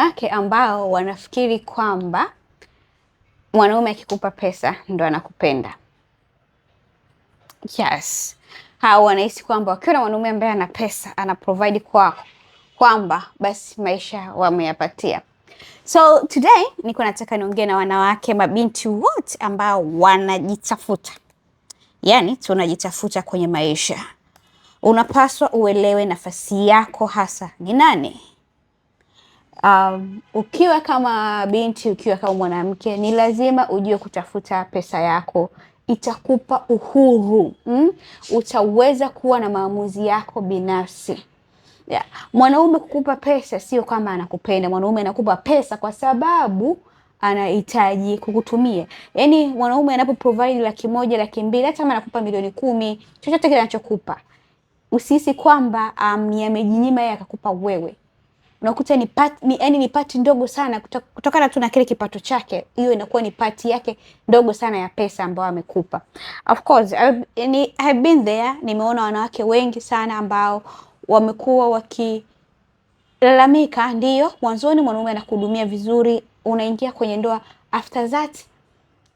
wanawake ambao wanafikiri kwamba mwanaume akikupa pesa ndo anakupenda. Yes, hao wanahisi kwamba wakiwa na mwanaume ambaye ana pesa ana provide kwako kwamba basi maisha wameyapatia. So today niko nataka niongee na wanawake, mabinti wote ambao wanajitafuta, yaani tunajitafuta kwenye maisha. Unapaswa uelewe nafasi yako hasa ni nani Um, ukiwa kama binti, ukiwa kama mwanamke, ni lazima ujue kutafuta pesa yako itakupa uhuru mm? Utaweza kuwa na maamuzi yako binafsi yeah. Mwanaume kukupa pesa sio kwamba anakupenda. Mwanaume anakupa pesa kwa sababu anahitaji kukutumia. Yani mwanaume anapo provide laki moja, laki mbili, hata kama anakupa milioni kumi, chochote kile anachokupa usihisi kwamba um, amejinyima yeye akakupa wewe unakuta ni pati, ni, yani ni pati ndogo sana kutokana tu na kile kipato chake, hiyo inakuwa ni pati yake ndogo sana ya pesa ambayo amekupa. Of course ni, I have been there, nimeona wanawake wengi sana ambao wamekuwa wakilalamika, ndiyo mwanzoni mwanaume anakuhudumia vizuri, unaingia kwenye ndoa, after that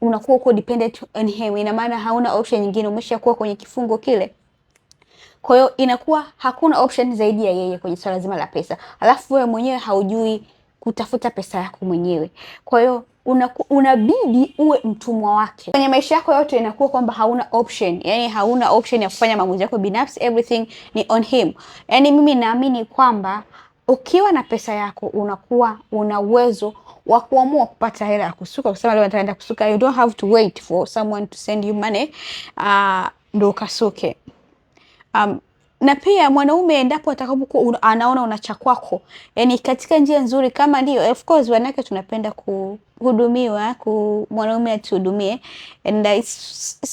unakuwa uko dependent on him, ina maana hauna option nyingine, umeshakuwa kwenye kifungo kile kwa hiyo inakuwa hakuna option zaidi ya yeye kwenye swala zima la pesa, alafu wewe mwenyewe haujui kutafuta pesa yako mwenyewe. Kwa hiyo unabidi uwe mtumwa wake kwenye maisha yako yote. Inakuwa kwamba hauna option, yani hauna option ya kufanya maamuzi yako binafsi, everything ni on him. Yani mimi naamini kwamba ukiwa na pesa yako unakuwa una uwezo wa kuamua kupata hela ya kusuka, kusema leo nitaenda kusuka. You don't have to wait for someone to send you money, uh, ah, ndo ukasuke um, na pia mwanaume endapo atakapokuwa anaona una cha kwako, yani katika njia nzuri, kama ndio, of course wanawake tunapenda kuhudumiwa, ku mwanaume atuhudumie, and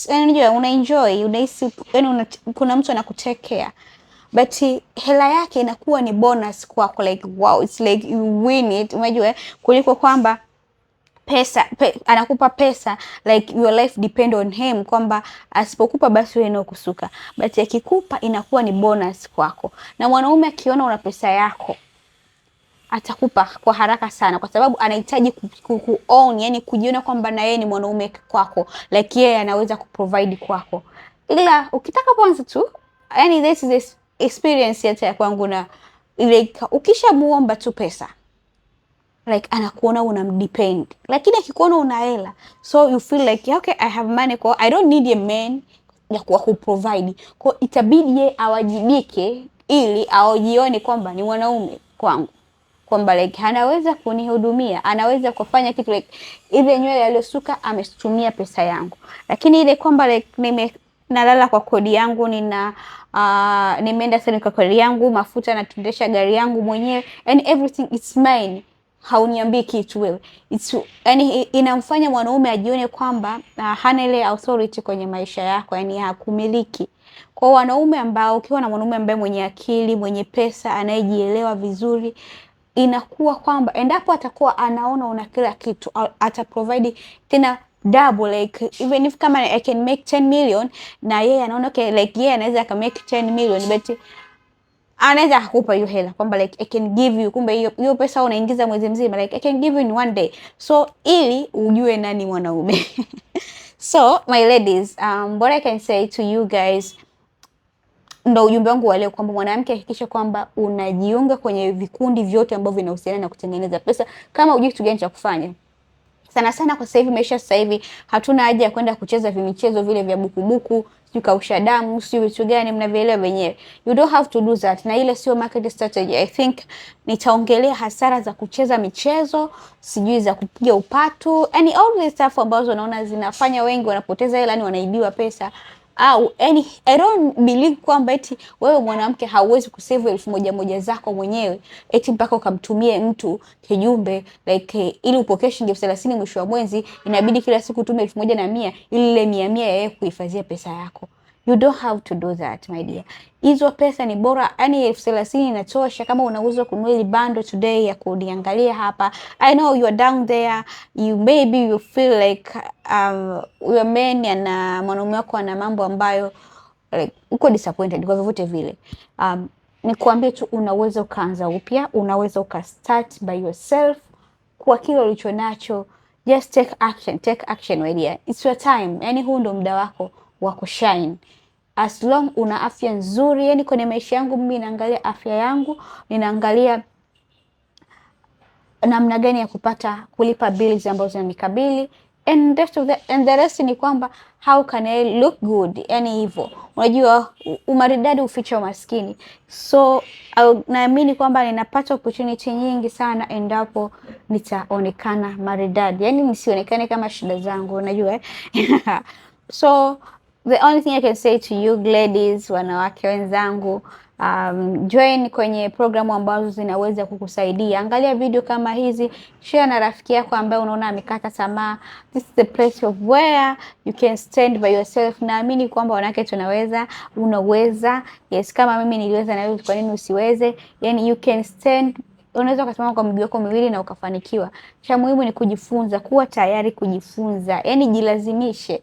unajua una enjoy, unahisi yani kuna mtu anakutekea, but hela yake inakuwa ni bonus kwako, like wow, it's like you win it, unajua kuliko kwamba pesa pe, anakupa pesa like your life depend on him, kwamba asipokupa basi wewe ndio kusuka, but akikupa inakuwa ni bonus kwako. Na mwanaume akiona una pesa yako atakupa kwa haraka sana, kwa sababu anahitaji ku, ku, ku own, yani kujiona kwamba na yeye ni mwanaume kwako, like yeye anaweza kuprovide kwako, ila ukitaka kwanza tu, yani this is experience yetu ya kwangu na like ukishamuomba tu pesa like anakuona una mdepend, lakini akikuona una hela so you feel like yeah, okay, I have money, kwa I don't need a man ya kuwa kuprovide, kwa itabidi ye awajibike ili aojione kwamba ni mwanaume kwangu, kwamba like anaweza kunihudumia, anaweza kufanya kitu like ile nywele aliyosuka ametumia pesa yangu, lakini ile kwamba like nime nalala kwa kodi yangu, nina uh, nimeenda sana kwa kodi yangu, mafuta natundesha gari yangu mwenyewe and everything is mine hauniambii kitu wewe. It's, yani inamfanya mwanaume ajione kwamba uh, hana ile authority kwenye maisha yako, yani hakumiliki. Kwa wanaume ambao, ukiwa na mwanaume ambaye mwenye akili, mwenye pesa, anayejielewa vizuri, inakuwa kwamba endapo atakuwa anaona una kila kitu, ataprovide tena double like even if kama I can make 10 million na yeye anaona okay, like yeye anaweza aka make 10 million but anaweza akakupa hiyo hela kwamba like I can give you, kumbe hiyo hiyo pesa unaingiza mwezi mzima, like I can give you in one day, so ili ujue nani mwanaume so my ladies, um, what I can say to you guys ndo ujumbe wangu wa leo kwamba mwanamke, hakikisha kwamba unajiunga kwenye vikundi vyote ambavyo vinahusiana na kutengeneza pesa, kama hujui kitu gani cha kufanya sana sana. Kwa sasa hivi maisha, sasa hivi hatuna haja ya kwenda kucheza vimichezo vile vya bukubuku sijui kausha damu, sijui vitu gani, mnavielewa wenyewe. You don't have to do that, na ile sio market strategy. I think nitaongelea hasara za kucheza michezo, sijui za kupiga upatu, yani all these stuff ambazo naona zinafanya wengi wanapoteza hela, yani wanaibiwa pesa au yani I don't believe kwamba eti wewe mwanamke hauwezi kusave elfu moja moja zako mwenyewe eti mpaka ukamtumie mtu kijumbe like eh, ili upokee shilingi elfu thelathini mwisho wa mwezi inabidi kila siku utume elfu moja na mia ili ile mia mia yeye kuhifadhia pesa yako. You don't have to do that my dear. Hizo pesa ni bora, yani elfu thelathini inatosha kama unaweza kununua ile bando today ya kuliangalia hapa. I know you are down there, you maybe you feel like um, your man ana mwanaume wako ana mambo ambayo like, uko disappointed kwa vyovyote vile um, nikuambie tu unaweza ukaanza upya, unaweza uka start by yourself kwa kile ulicho nacho. Just take action, take action my dear. It's your time, yani huu ndo muda wako wa kushine as long una afya nzuri. Yani kwenye maisha yangu mimi naangalia afya yangu, ninaangalia namna gani ya kupata kulipa bills ambazo zinanikabili and the rest of the, and the rest ni kwamba how can I look good, yani hivyo. Unajua, umaridadi uficha umaskini, so naamini kwamba ninapata opportunity nyingi sana endapo nitaonekana maridadi, yani nisionekane kama shida zangu, unajua eh? so the only thing I can say to you ladies, wanawake wenzangu um, join kwenye programu ambazo zinaweza kukusaidia. Angalia video kama hizi, share na rafiki yako ambaye unaona amekata tamaa. This is the place of where you can stand by yourself. Naamini kwamba wanawake tunaweza, unaweza. Yes, kama mimi niliweza, na wewe kwa nini usiweze? Yani you can stand unaweza ukasimama kwa miguu yako miwili na ukafanikiwa. Cha muhimu ni kujifunza, kuwa tayari kujifunza, yani jilazimishe.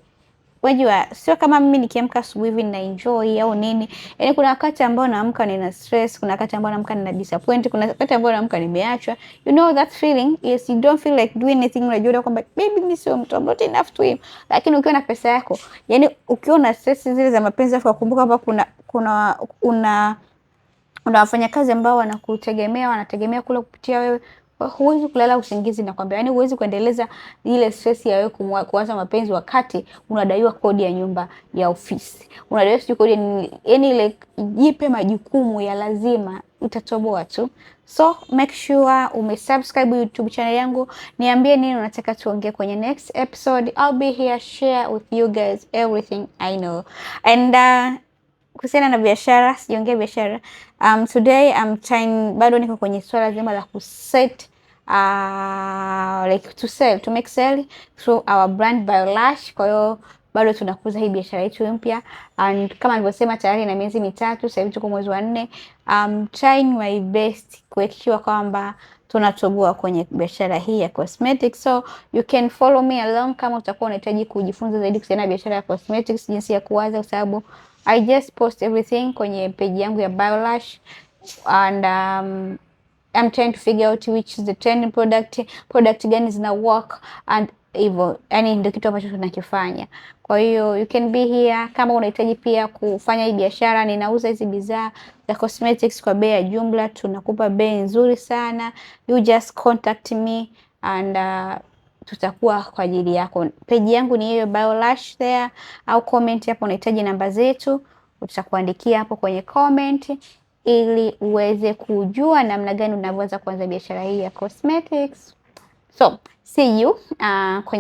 Wajua, sio kama mimi nikiamka asubuhi hivi nina enjoy au nini. Yani kuna wakati ambao naamka nina stress, kuna wakati ambao naamka nina disappoint, kuna wakati ambao naamka nimeachwa. You know that feeling? Yes, you don't feel like doing anything. Unajua kwamba maybe mimi sio mtu, I'm not enough to him. Lakini ukiwa na pesa yako, yani ukiwa na stress zile za mapenzi afu kukumbuka kwamba kuna kuna una una wafanyakazi ambao wanakutegemea, wanategemea kula kupitia wewe huwezi kulala usingizi na kwambia, yani huwezi kuendeleza ile stress ya wewe kuanza mapenzi wakati unadaiwa kodi ya nyumba ya ofisi, unadaiwa sijui kodi yani ile. Jipe majukumu ya lazima, utatoboa tu. So make sure umesubscribe YouTube channel yangu, niambie nini unataka tuongee kwenye next episode. I'll be here share with you guys everything I know and uh, kuhusiana na biashara sijaongea biashara. Um, today I'm trying, bado niko kwenye swala zima la kuset uh, like to sell to make sell through our brand by BioLash. Kwa hiyo bado tunakuza hii biashara yetu mpya, and kama nilivyosema tayari na miezi mitatu, sasa hivi tuko mwezi wa nne. Um, trying my best kuhakikisha kwamba tunatoboa kwenye biashara hii ya cosmetics. So you can follow me along kama utakuwa unahitaji kujifunza zaidi kuhusiana na biashara ya cosmetics, jinsi ya kuwaza, kwa sababu I just post everything kwenye page yangu ya BioLash and um, I'm trying to figure out which is the trending product, product gani zina work and hivyo, yani ndio kitu ambacho tunakifanya. Kwa hiyo you can be here. Kama unahitaji pia kufanya hii biashara, ninauza hizi bidhaa za cosmetics kwa bei ya jumla, tunakupa bei nzuri sana. You just contact me and uh, tutakuwa kwa ajili yako. Peji yangu ni hiyo Biolash there, au comment hapo, unahitaji namba zetu, utakuandikia hapo kwenye comment ili uweze kujua namna gani unavyoweza kuanza biashara hii ya cosmetics. So see you uh, kwenye